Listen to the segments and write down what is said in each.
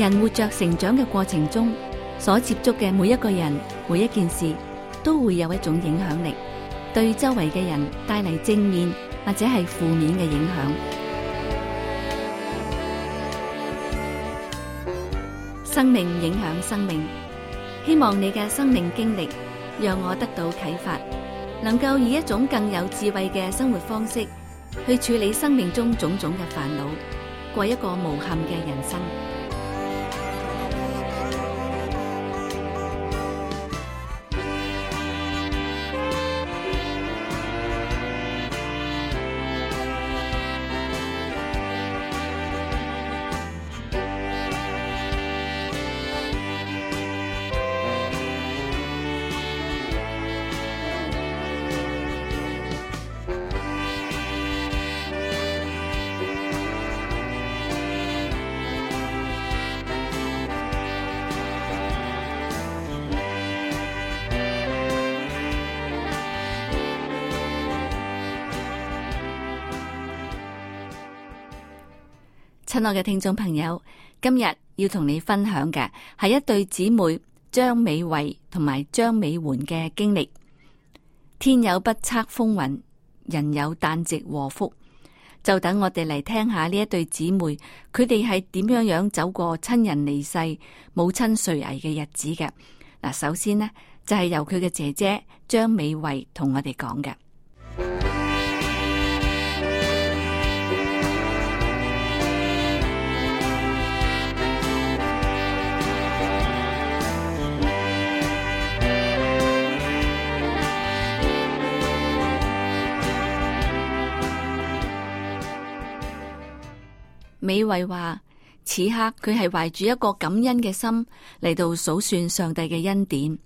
人活着成長嘅過程中，所接觸嘅每一個人、每一件事，都會有一種影響力，對周圍嘅人帶嚟正面或者係負面嘅影響。生命影響生命，希望你嘅生命經歷讓我得到啟發，能夠以一種更有智慧嘅生活方式去處理生命中種種嘅煩惱，過一個無憾嘅人生。親愛嘅聽眾朋友，今日要同你分享嘅係一對姊妹張美慧同埋張美媛嘅經歷。天有不測風雲，人有旦夕禍福，就等我哋嚟聽下呢一對姊妹佢哋係點樣樣走過親人離世、母親垂危嘅日子嘅。嗱，首先呢，就係、是、由佢嘅姐姐張美慧同我哋講嘅。李慧話：此刻佢係懷住一個感恩嘅心嚟到數算上帝嘅恩典。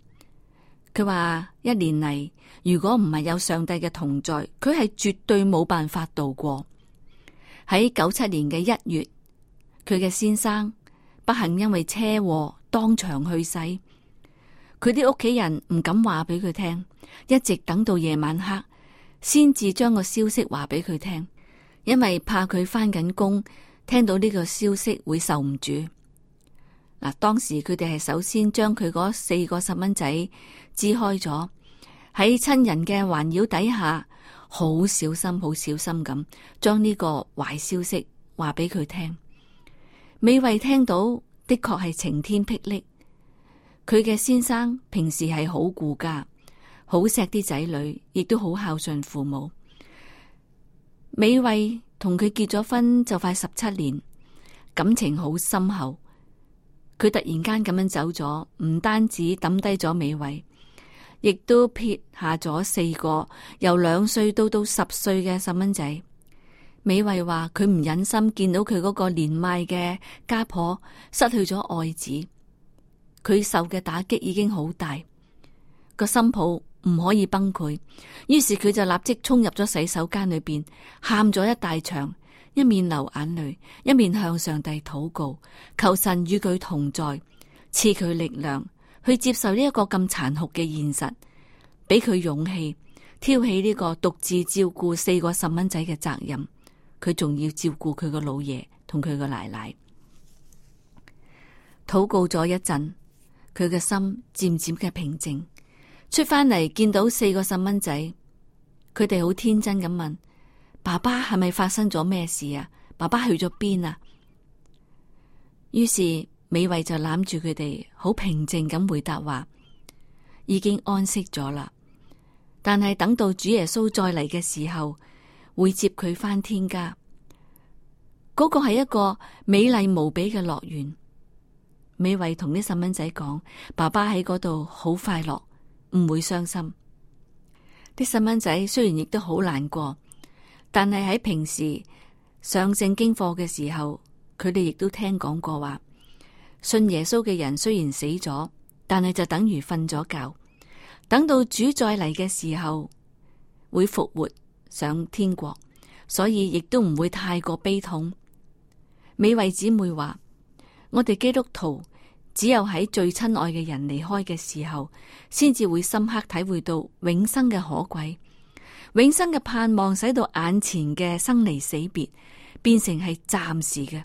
佢話一年嚟，如果唔係有上帝嘅同在，佢係絕對冇辦法度過。喺九七年嘅一月，佢嘅先生不幸因為車禍當場去世。佢啲屋企人唔敢話俾佢聽，一直等到夜晚黑先至將個消息話俾佢聽，因為怕佢返緊工。聽到呢個消息會受唔住嗱，當時佢哋係首先將佢嗰四個細蚊仔支開咗，喺親人嘅環繞底下，好小心、好小心咁將呢個壞消息話俾佢聽。美慧聽到的確係晴天霹靂，佢嘅先生平時係好顧家、好錫啲仔女，亦都好孝順父母。美慧。同佢結咗婚就快十七年，感情好深厚。佢突然間咁樣走咗，唔單止抌低咗美慧，亦都撇下咗四個由兩歲到到十歲嘅細蚊仔。美慧話佢唔忍心見到佢嗰個年邁嘅家婆失去咗愛子，佢受嘅打擊已經好大，個心抱。唔可以崩潰，於是佢就立即衝入咗洗手間裏邊，喊咗一大場，一面流眼淚，一面向上帝禱告，求神與佢同在，賜佢力量去接受呢一個咁殘酷嘅現實，俾佢勇氣挑起呢個獨自照顧四個細蚊仔嘅責任，佢仲要照顧佢個老爺同佢個奶奶。禱告咗一陣，佢嘅心漸漸嘅平靜。出翻嚟見到四個細蚊仔，佢哋好天真咁問：爸爸係咪發生咗咩事啊？爸爸去咗邊啊？於是美惠就攬住佢哋，好平靜咁回答話：已經安息咗啦。但係等到主耶穌再嚟嘅時候，會接佢翻天家。嗰個係一個美麗無比嘅樂園。美惠同啲細蚊仔講：爸爸喺嗰度好快樂。唔會傷心，啲細蚊仔雖然亦都好難過，但係喺平時上聖經課嘅時候，佢哋亦都聽講過話，信耶穌嘅人雖然死咗，但係就等於瞓咗覺，等到主再嚟嘅時候會復活上天國，所以亦都唔會太過悲痛。美惠姊妹話：我哋基督徒。只有喺最親愛嘅人離開嘅時候，先至會深刻體會到永生嘅可貴。永生嘅盼望，使到眼前嘅生離死別變成係暫時嘅，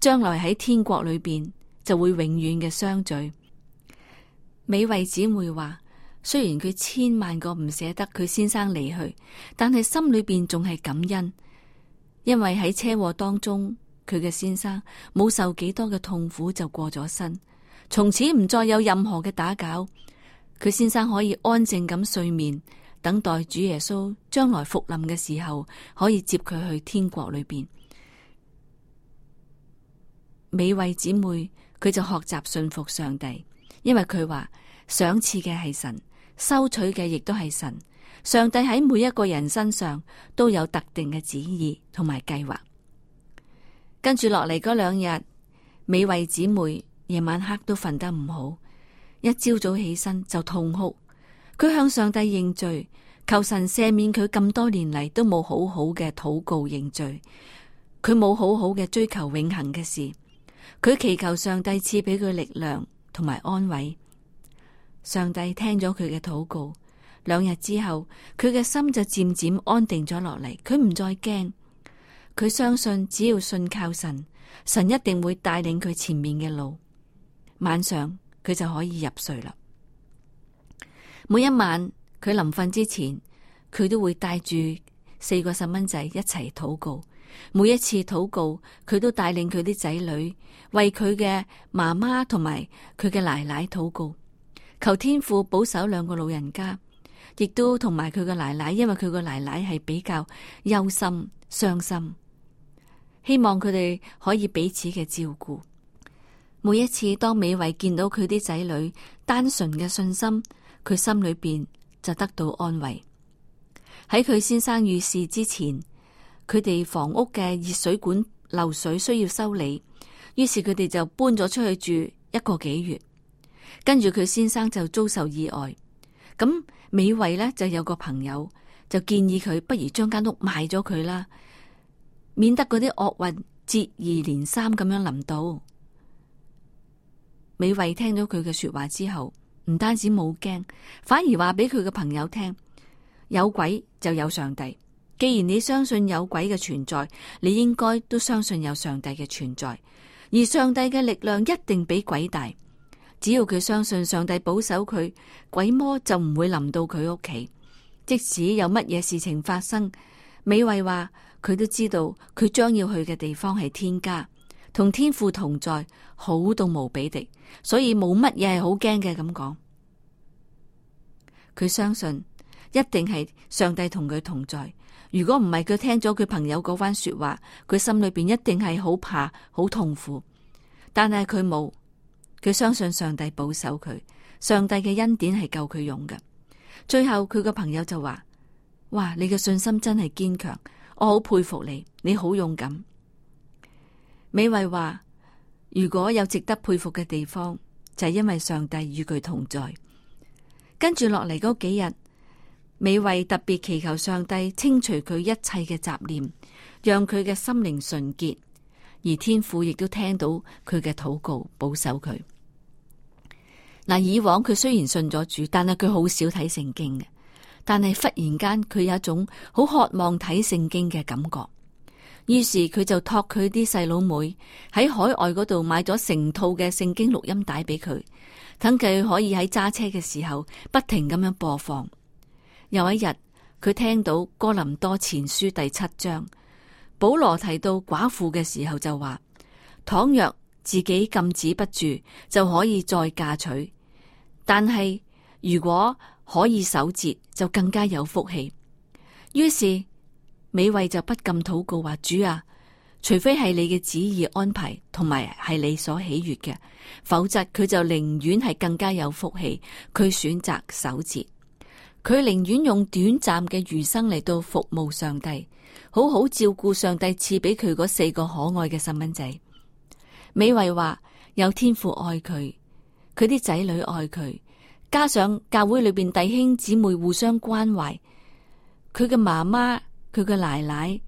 將來喺天國裏邊就會永遠嘅相聚。美惠姊妹話，雖然佢千萬個唔捨得佢先生離去，但係心裏邊仲係感恩，因為喺車禍當中。佢嘅先生冇受幾多嘅痛苦就過咗身，從此唔再有任何嘅打攪。佢先生可以安靜咁睡眠，等待主耶穌將來復臨嘅時候，可以接佢去天國裏面。美惠姊妹，佢就學習信服上帝，因為佢話賞賜嘅係神，收取嘅亦都係神。上帝喺每一個人身上都有特定嘅旨意同埋計劃。跟住落嚟嗰兩日，美惠姊妹夜晚黑都瞓得唔好，一朝早起身就痛哭。佢向上帝認罪，求神赦免佢咁多年嚟都冇好好嘅禱告認罪，佢冇好好嘅追求永恒嘅事。佢祈求上帝賜俾佢力量同埋安慰。上帝聽咗佢嘅禱告，兩日之後佢嘅心就漸漸安定咗落嚟，佢唔再驚。佢相信，只要信靠神，神一定會帶領佢前面嘅路。晚上佢就可以入睡啦。每一晚佢臨瞓之前，佢都會帶住四個細蚊仔一齊禱告。每一次禱告，佢都帶領佢啲仔女為佢嘅媽媽同埋佢嘅奶奶禱告，求天父保守兩個老人家，亦都同埋佢嘅奶奶，因為佢嘅奶奶係比較憂心傷心。希望佢哋可以彼此嘅照顧。每一次當美惠見到佢啲仔女單純嘅信心，佢心裏邊就得到安慰。喺佢先生遇事之前，佢哋房屋嘅熱水管漏水需要修理，於是佢哋就搬咗出去住一個幾月。跟住佢先生就遭受意外，咁美惠呢就有個朋友就建議佢，不如將間屋賣咗佢啦。免得嗰啲惡運接二連三咁樣臨到。美惠聽到佢嘅說話之後，唔單止冇驚，反而話俾佢嘅朋友聽，有鬼就有上帝。既然你相信有鬼嘅存在，你應該都相信有上帝嘅存在。而上帝嘅力量一定比鬼大。只要佢相信上帝保守佢，鬼魔就唔會臨到佢屋企。即使有乜嘢事情發生，美惠話，佢都知道，佢將要去嘅地方係天家，同天父同在，好到無比的，所以冇乜嘢係好驚嘅。咁講，佢相信一定係上帝同佢同在。如果唔係，佢聽咗佢朋友嗰番說話，佢心裏邊一定係好怕，好痛苦。但係佢冇，佢相信上帝保守佢，上帝嘅恩典係夠佢用嘅。最後，佢個朋友就話：哇，你嘅信心真係堅強！我好佩服你，你好勇敢。美慧話：如果有值得佩服嘅地方，就係因為上帝與佢同在。跟住落嚟嗰幾日，美慧特別祈求上帝清除佢一切嘅雜念，讓佢嘅心靈純潔。而天父亦都聽到佢嘅禱告，保守佢。嗱，以往佢雖然信咗主，但係佢好少睇聖經嘅。但係忽然間，佢有一種好渴望睇聖經嘅感覺，於是佢就託佢啲細佬妹喺海外嗰度買咗成套嘅聖經錄音帶俾佢，等佢可以喺揸車嘅時候不停咁樣播放。有一日，佢聽到哥林多前書第七章，保羅提到寡婦嘅時候就話：倘若自己禁止不住，就可以再嫁娶；但係如果可以守節就更加有福氣。於是美惠就不禁禱告：話主啊，除非係你嘅旨意安排同埋係你所喜悅嘅，否則佢就寧願係更加有福氣。佢選擇守節，佢寧願用短暫嘅餘生嚟到服務上帝，好好照顧上帝賜俾佢嗰四個可愛嘅細蚊仔。美惠話有天父愛佢，佢啲仔女愛佢。加上教會裏邊弟兄姊妹互相關懷，佢嘅媽媽、佢嘅奶奶，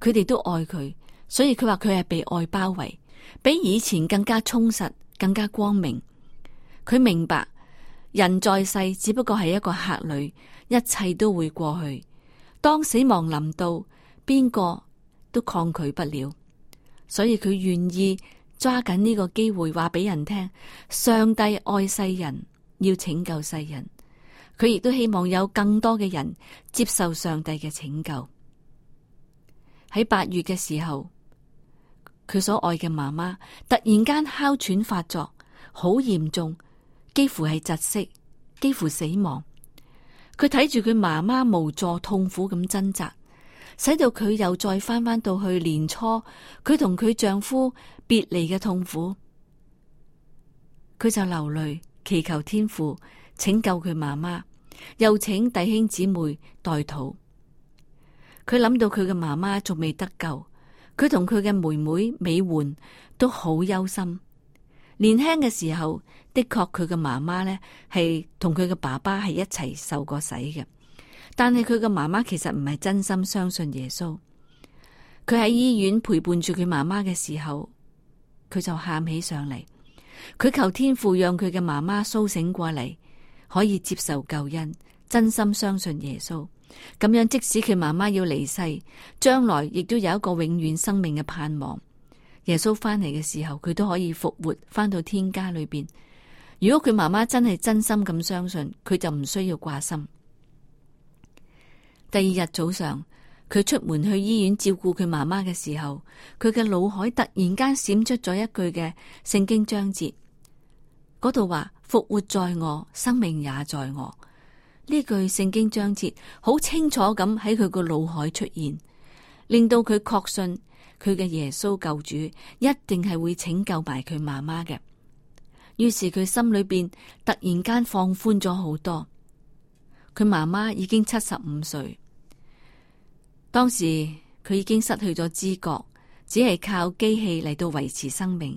佢哋都愛佢，所以佢話佢係被愛包圍，比以前更加充實，更加光明。佢明白人在世只不過係一個客旅，一切都會過去。當死亡臨到，邊個都抗拒不了，所以佢願意抓緊呢個機會，話俾人聽：上帝愛世人。要拯救世人，佢亦都希望有更多嘅人接受上帝嘅拯救。喺八月嘅時候，佢所愛嘅媽媽突然間哮喘發作，好嚴重，幾乎係窒息，幾乎死亡。佢睇住佢媽媽無助、痛苦咁掙扎，使到佢又再翻返到去年初佢同佢丈夫別離嘅痛苦，佢就流淚。祈求天父，拯救佢媽媽，又請弟兄姊妹代禱。佢諗到佢嘅媽媽仲未得救，佢同佢嘅妹妹美煥都好憂心。年輕嘅時候，的確佢嘅媽媽呢，係同佢嘅爸爸係一齊受過洗嘅，但係佢嘅媽媽其實唔係真心相信耶穌。佢喺醫院陪伴住佢媽媽嘅時候，佢就喊起上嚟。佢求天父讓佢嘅媽媽蘇醒過嚟，可以接受救恩，真心相信耶穌，咁樣即使佢媽媽要離世，將來亦都有一個永遠生命嘅盼望。耶穌翻嚟嘅時候，佢都可以復活，翻到天家裏邊。如果佢媽媽真係真心咁相信，佢就唔需要掛心。第二日早上。佢出門去醫院照顧佢媽媽嘅時候，佢嘅腦海突然間閃出咗一句嘅聖經章節，嗰度話，復活在我，生命也在我。呢句聖經章節好清楚咁喺佢個腦海出現，令到佢確信佢嘅耶穌救主一定係會拯救埋佢媽媽嘅。於是佢心裏邊突然間放寬咗好多。佢媽媽已經七十五歲。當時佢已經失去咗知覺，只係靠機器嚟到維持生命。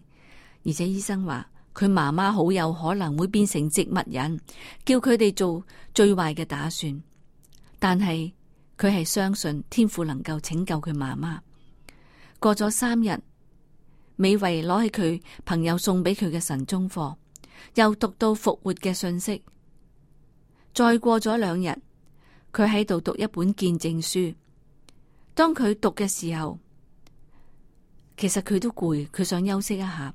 而且醫生話佢媽媽好有可能會變成植物人，叫佢哋做最壞嘅打算。但係佢係相信天父能夠拯救佢媽媽。過咗三日，美維攞起佢朋友送俾佢嘅神宗課，又讀到復活嘅信息。再過咗兩日，佢喺度讀一本見證書。當佢讀嘅時候，其實佢都攰，佢想休息一下，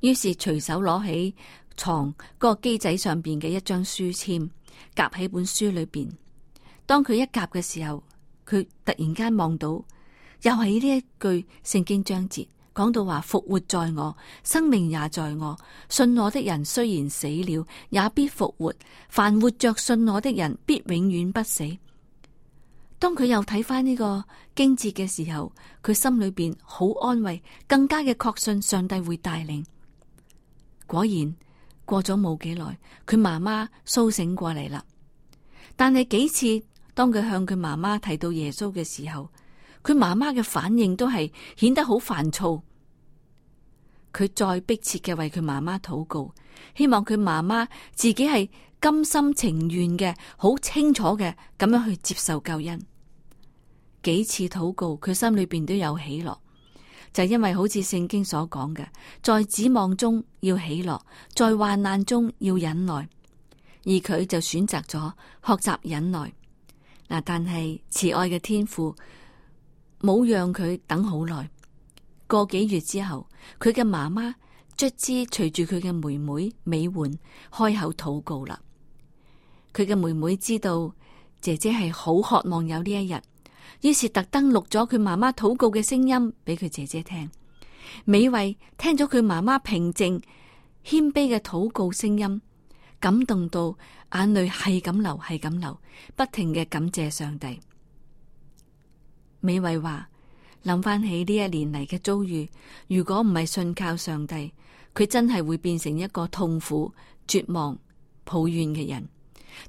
於是隨手攞起床個機仔上邊嘅一張書籤，夾喺本書裏邊。當佢一夾嘅時候，佢突然間望到，又係呢一句聖經章節，講到話，復活在我，生命也在我，信我的人雖然死了，也必復活；凡活着信我的人，必永遠不死。當佢又睇翻呢個經節嘅時候，佢心裏邊好安慰，更加嘅確信上帝會帶領。果然過咗冇幾耐，佢媽媽甦醒過嚟啦。但係幾次當佢向佢媽媽提到耶穌嘅時候，佢媽媽嘅反應都係顯得好煩躁。佢再迫切嘅為佢媽媽禱告，希望佢媽媽自己係甘心情願嘅，好清楚嘅咁樣去接受救恩。幾次禱告，佢心裏邊都有喜樂，就因為好似聖經所講嘅，在指望中要喜樂，在患難中要忍耐。而佢就選擇咗學習忍耐。但係慈愛嘅天父冇讓佢等好耐，個幾月之後，佢嘅媽媽卒之隨住佢嘅妹妹美媛開口禱告啦。佢嘅妹妹知道姐姐係好渴望有呢一日。於是，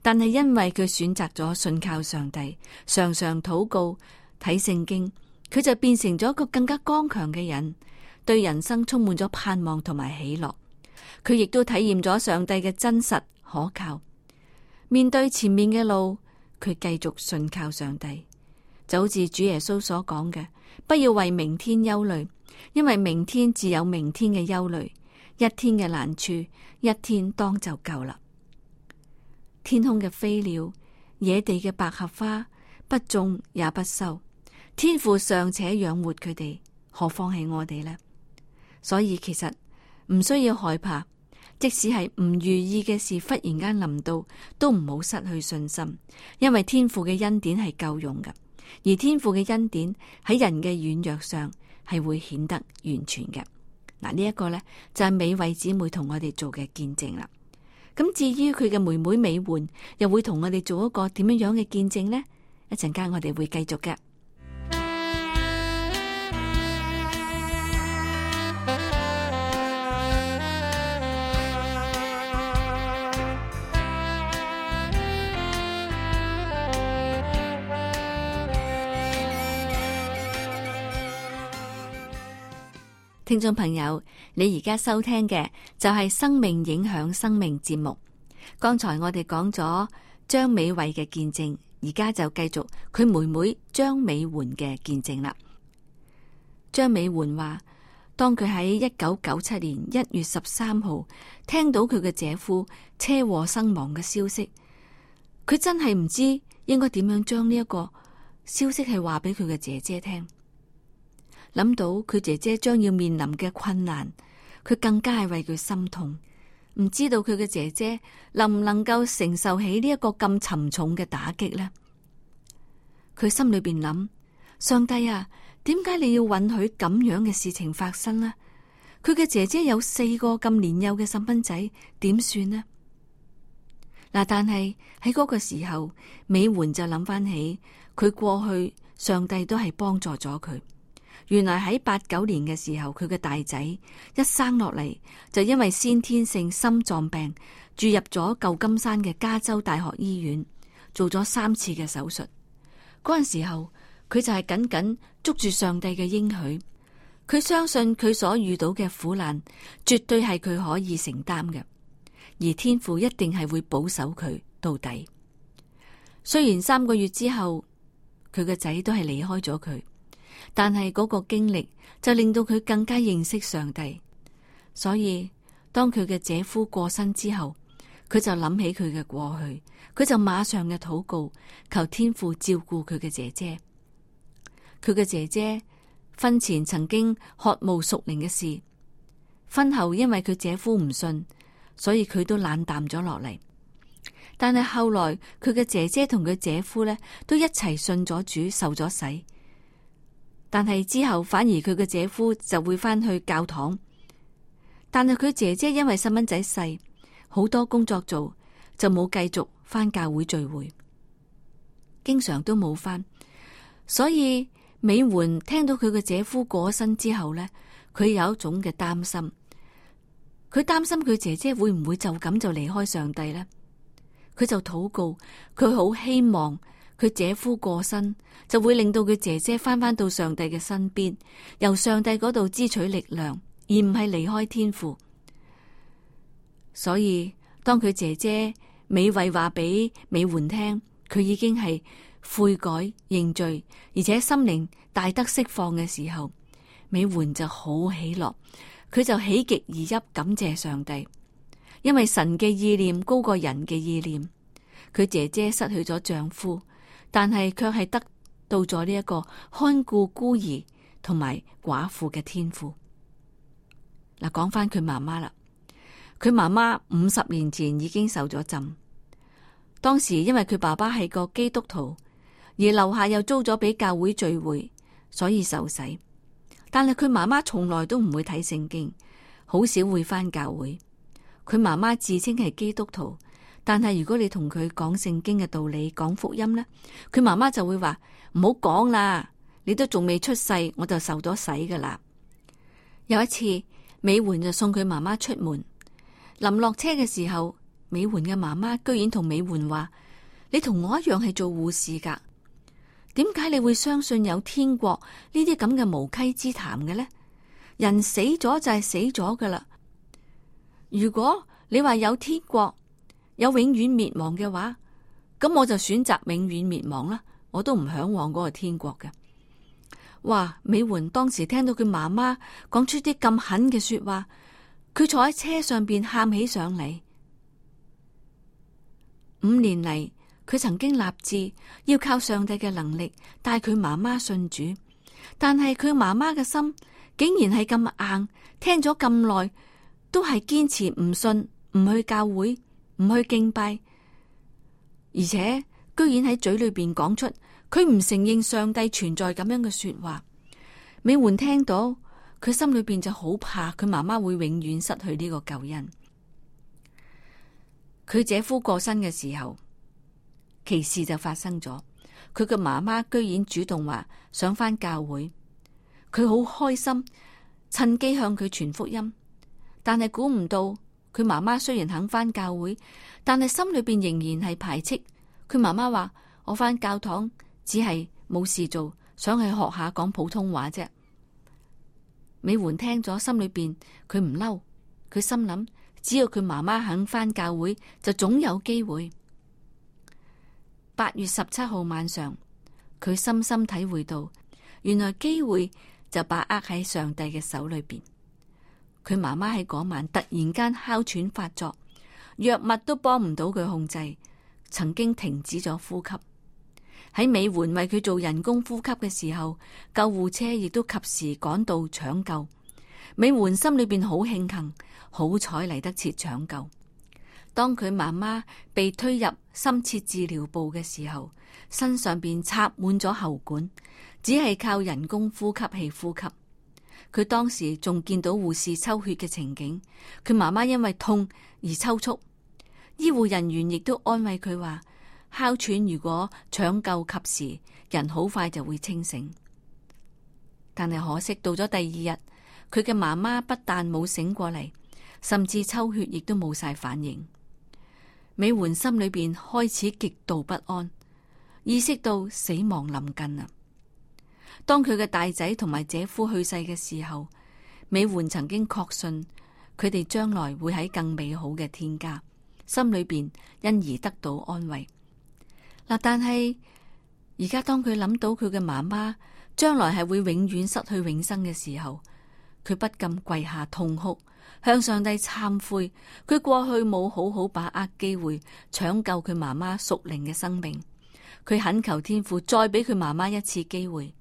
但係因為佢選擇咗信靠上帝，常常禱告睇聖經，佢就變成咗一個更加剛強嘅人，對人生充滿咗盼望同埋喜樂。佢亦都體驗咗上帝嘅真實可靠。面對前面嘅路，佢繼續信靠上帝，就好似主耶穌所講嘅：「不要為明天憂慮，因為明天自有明天嘅憂慮。一天嘅難處，一天當就夠啦」。天空嘅飛鳥，野地嘅百合花，不種也不收，天父尚且養活佢哋，何況係我哋呢？所以其實唔需要害怕，即使係唔如意嘅事忽然間臨到，都唔好失去信心，因為天父嘅恩典係夠用嘅，而天父嘅恩典喺人嘅軟弱上係會顯得完全嘅。嗱，呢、這、一個呢，就係、是、美惠姊妹同我哋做嘅見證啦。咁至於佢嘅妹妹美媛，又會同我哋做一個點樣樣嘅見證咧？一陣間我哋會繼續嘅。聽眾朋友，你而家收聽嘅就係生命影響生命節目。剛才我哋講咗張美慧嘅見證，而家就繼續佢妹妹張美媛嘅見證啦。張美媛話：當佢喺一九九七年一月十三號聽到佢嘅姐夫車禍身亡嘅消息，佢真係唔知應該點樣將呢一個消息係話俾佢嘅姐姐聽。諗到佢姐姐將要面臨嘅困難，佢更加係為佢心痛。唔知道佢嘅姐姐能唔能夠承受起呢一個咁沉重嘅打擊呢？佢心裏邊諗：上帝啊，點解你要允許咁樣嘅事情發生呢？佢嘅姐姐有四個咁年幼嘅細蚊仔，點算呢？嗱，但係喺嗰個時候，美媛就諗翻起佢過去，上帝都係幫助咗佢。原來喺八九年嘅時候，佢嘅大仔一生落嚟，就因為先天性心臟病住入咗舊金山嘅加州大學醫院，做咗三次嘅手術。嗰陣時候，佢就係緊緊捉住上帝嘅應許，佢相信佢所遇到嘅苦難絕對係佢可以承擔嘅，而天父一定係會保守佢到底。雖然三個月之後，佢嘅仔都係離開咗佢。但係嗰個經歷就令到佢更加認識上帝，所以當佢嘅姐夫過身之後，佢就諗起佢嘅過去，佢就馬上嘅禱告，求天父照顧佢嘅姐姐。佢嘅姐姐婚前曾經渴慕屬靈嘅事，婚後因為佢姐夫唔信，所以佢都冷淡咗落嚟。但係後來佢嘅姐姐同佢姐夫咧都一齊信咗主，受咗洗。但係之後，反而佢嘅姐夫就會翻去教堂。但係佢姐姐因為細蚊仔細，好多工作做，就冇繼續翻教會聚會，經常都冇翻。所以美媛聽到佢嘅姐夫過身之後呢，佢有一種嘅擔心，佢擔心佢姐姐會唔會就咁就離開上帝呢？佢就禱告，佢好希望。佢姐夫過身就會令到佢姐姐翻返到上帝嘅身邊，由上帝嗰度支取力量，而唔係離開天父。所以當佢姐姐美慧話俾美媛聽，佢已經係悔改認罪，而且心靈大得釋放嘅時候，美媛就好喜樂，佢就喜極而泣，感謝上帝，因為神嘅意念高過人嘅意念。佢姐姐失去咗丈夫。但係卻係得到咗呢一個看顧孤兒同埋寡婦嘅天賦。嗱，講翻佢媽媽啦，佢媽媽五十年前已經受咗浸，當時因為佢爸爸係個基督徒，而樓下又租咗俾教會聚會，所以受洗。但係佢媽媽從來都唔會睇聖經，好少會翻教會。佢媽媽自稱係基督徒。但係如果你同佢講聖經嘅道理，講福音呢，佢媽媽就會話唔好講啦。你都仲未出世，我就受咗洗噶啦。有一次，美媛就送佢媽媽出門，臨落車嘅時候，美媛嘅媽媽居然同美媛話：你同我一樣係做護士噶，點解你會相信有天國呢啲咁嘅無稽之談嘅呢？人死咗就係死咗噶啦。如果你話有天國，有永遠滅亡嘅話，咁我就選擇永遠滅亡啦。我都唔向往嗰個天國嘅。哇！美媛當時聽到佢媽媽講出啲咁狠嘅說話，佢坐喺車上邊喊起上嚟。五年嚟，佢曾經立志要靠上帝嘅能力帶佢媽媽信主，但係佢媽媽嘅心竟然係咁硬，聽咗咁耐都係堅持唔信，唔去教會。唔去敬拜，而且居然喺嘴裏邊講出佢唔承認上帝存在咁樣嘅說話。美媛聽到佢心裏邊就好怕，佢媽媽會永遠失去呢個救恩。佢姐夫過身嘅時候，奇事就發生咗。佢嘅媽媽居然主動話想翻教會，佢好開心，趁機向佢傳福音，但係估唔到。佢媽媽雖然肯返教會，但係心裏邊仍然係排斥。佢媽媽話：我返教堂只係冇事做，想去學下講普通話啫。美媛聽咗，心裏邊佢唔嬲，佢心諗：只要佢媽媽肯返教會，就總有機會。八月十七號晚上，佢深深體會到，原來機會就把握喺上帝嘅手裏邊。佢媽媽喺嗰晚突然間哮喘發作，藥物都幫唔到佢控制，曾經停止咗呼吸。喺美媛為佢做人工呼吸嘅時候，救護車亦都及時趕到搶救。美媛心裏邊好慶幸，好彩嚟得切搶救。當佢媽媽被推入深切治療部嘅時候，身上邊插滿咗喉管，只係靠人工呼吸器呼吸。佢當時仲見到護士抽血嘅情景，佢媽媽因為痛而抽搐，醫護人員亦都安慰佢話哮喘如果搶救及時，人好快就會清醒。但係可惜到咗第二日，佢嘅媽媽不但冇醒過嚟，甚至抽血亦都冇晒反應。美媛心裏邊開始極度不安，意識到死亡臨近啊！當佢嘅大仔同埋姐夫去世嘅時候，美煥曾經確信佢哋將來會喺更美好嘅天家，心裏邊因而得到安慰。但係而家當佢諗到佢嘅媽媽將來係會永遠失去永生嘅時候，佢不禁跪下痛哭，向上帝懺悔，佢過去冇好好把握機會搶救佢媽媽屬靈嘅生命，佢懇求天父再俾佢媽媽一次機會。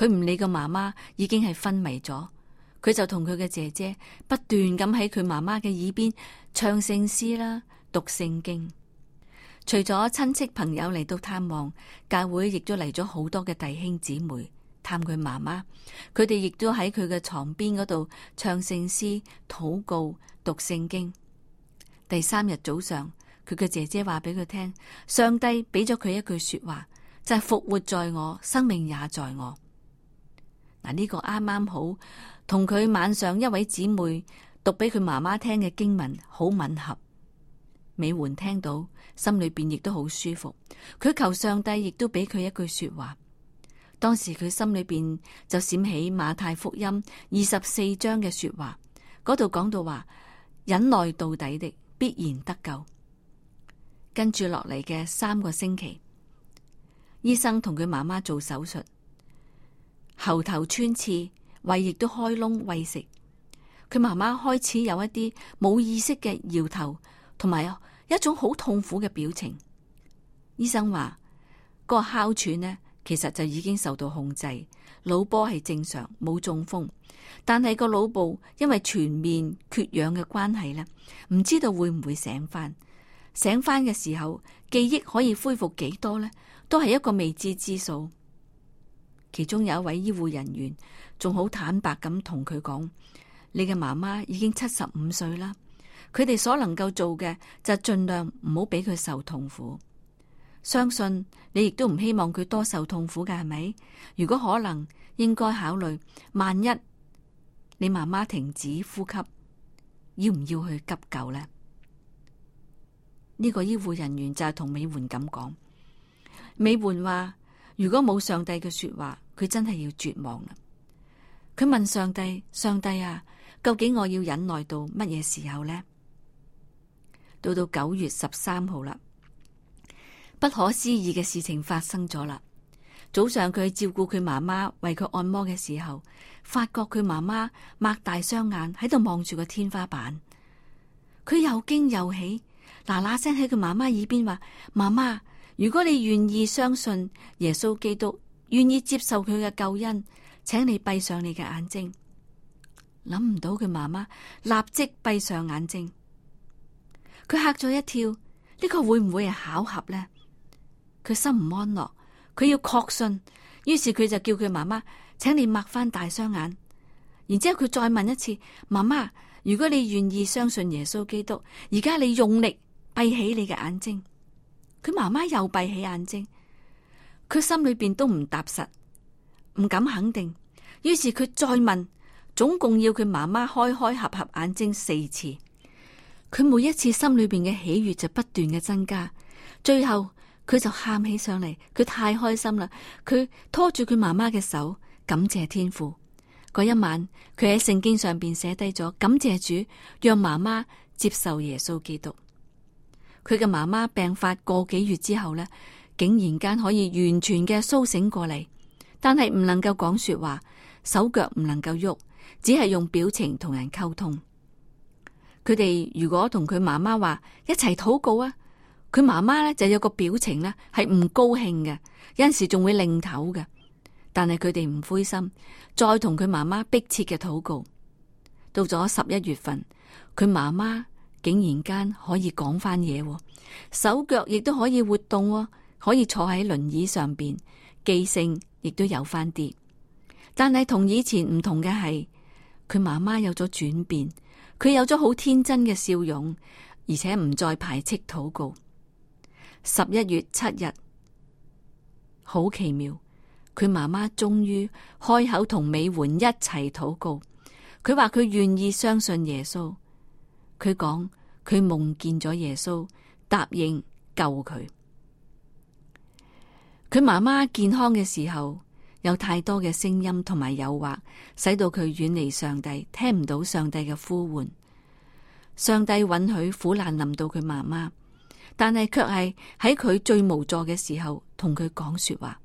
佢唔理個媽媽已經係昏迷咗，佢就同佢嘅姐姐不斷咁喺佢媽媽嘅耳邊唱聖詩啦，讀聖經。除咗親戚朋友嚟到探望，教會亦都嚟咗好多嘅弟兄姊妹探佢媽媽。佢哋亦都喺佢嘅床邊嗰度唱聖詩、禱告、讀聖經。第三日早上，佢嘅姐姐話俾佢聽，上帝俾咗佢一句說話，就係復活在我，生命也在我。嗱，呢個啱啱好同佢晚上一位姊妹讀俾佢媽媽聽嘅經文好吻合。美媛聽到，心裏邊亦都好舒服。佢求上帝，亦都俾佢一句說話。當時佢心裏邊就閃起馬太福音二十四章嘅說話，嗰度講到話忍耐到底的必然得救。跟住落嚟嘅三個星期，醫生同佢媽媽做手術。喉頭穿刺，胃亦都開窿餵食。佢媽媽開始有一啲冇意識嘅搖頭，同埋一種好痛苦嘅表情。醫生話：個哮喘呢，其實就已經受到控制，腦波係正常，冇中風。但係個腦部因為全面缺氧嘅關係呢，唔知道會唔會醒翻？醒翻嘅時候，記憶可以恢復幾多呢？都係一個未知之數。其中有一位醫護人員仲好坦白咁同佢講：你嘅媽媽已經七十五歲啦，佢哋所能夠做嘅就盡量唔好俾佢受痛苦。相信你亦都唔希望佢多受痛苦嘅，係咪？如果可能，應該考慮萬一你媽媽停止呼吸，要唔要去急救呢？呢個醫護人員就係同美媛咁講，美媛話。如果冇上帝嘅說話，佢真係要絕望啦！佢問上帝：上帝啊，究竟我要忍耐到乜嘢時候呢？到到九月十三號啦，不可思議嘅事情發生咗啦！早上佢照顧佢媽媽，為佢按摩嘅時候，發覺佢媽媽擘大雙眼喺度望住個天花板，佢又驚又喜，嗱嗱聲喺佢媽媽耳邊話：媽媽。媽媽如果你願意相信耶穌基督，願意接受佢嘅救恩，請你閉上你嘅眼睛。諗唔到佢媽媽立即閉上眼睛，佢吓咗一跳。呢個會唔會係巧合呢？佢心唔安樂，佢要確信。於是佢就叫佢媽媽，請你擘翻大雙眼。然之後佢再問一次，媽媽，如果你願意相信耶穌基督，而家你用力閉起你嘅眼睛。佢媽媽又閉起眼睛，佢心裏邊都唔踏實，唔敢肯定。於是佢再問，總共要佢媽媽開開合合眼睛四次。佢每一次心裏邊嘅喜悅就不斷嘅增加，最後佢就喊起上嚟，佢太開心啦！佢拖住佢媽媽嘅手，感謝天父。嗰一晚，佢喺聖經上邊寫低咗，感謝主，讓媽媽接受耶穌基督。佢嘅媽媽病發個幾月之後呢，竟然間可以完全嘅甦醒過嚟，但係唔能夠講說話，手腳唔能夠喐，只係用表情同人溝通。佢哋如果同佢媽媽話一齊禱告啊，佢媽媽咧就有個表情呢係唔高興嘅，有陣時仲會擰頭嘅。但係佢哋唔灰心，再同佢媽媽迫切嘅禱告。到咗十一月份，佢媽媽。竟然間可以講翻嘢，手腳亦都可以活動哦，可以坐喺輪椅上邊，記性亦都有翻啲。但係同以前唔同嘅係，佢媽媽有咗轉變，佢有咗好天真嘅笑容，而且唔再排斥禱告。十一月七日，好奇妙，佢媽媽終於開口同美媛一齊禱告。佢話佢願意相信耶穌。佢講佢夢見咗耶穌，答應救佢。佢媽媽健康嘅時候，有太多嘅聲音同埋誘惑，使到佢遠離上帝，聽唔到上帝嘅呼喚。上帝允許苦難臨到佢媽媽，但係卻係喺佢最無助嘅時候同佢講說話。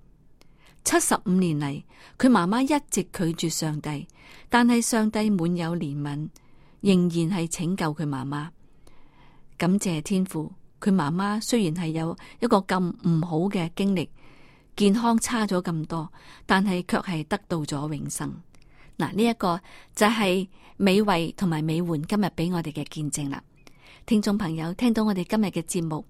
七十五年嚟，佢媽媽一直拒絕上帝，但係上帝滿有憐憫。仍然係拯救佢媽媽，感謝天父。佢媽媽雖然係有一個咁唔好嘅經歷，健康差咗咁多，但係卻係得到咗永生。嗱，呢、這、一個就係美惠同埋美煥今日俾我哋嘅見證啦。聽眾朋友聽到我哋今日嘅節目，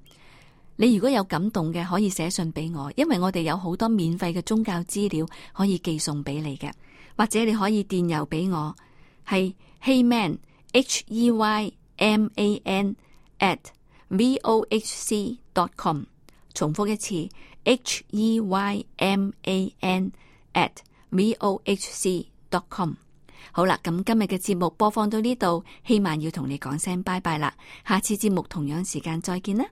你如果有感動嘅，可以寫信俾我，因為我哋有好多免費嘅宗教資料可以寄送俾你嘅，或者你可以電郵俾我，係 Hey Man。Heyman at vohc dot com，重複一次。Heyman at vohc dot com 好。好啦，咁今日嘅節目播放到呢度，希望要同你講聲拜拜啦。下次節目同樣時間再見啦。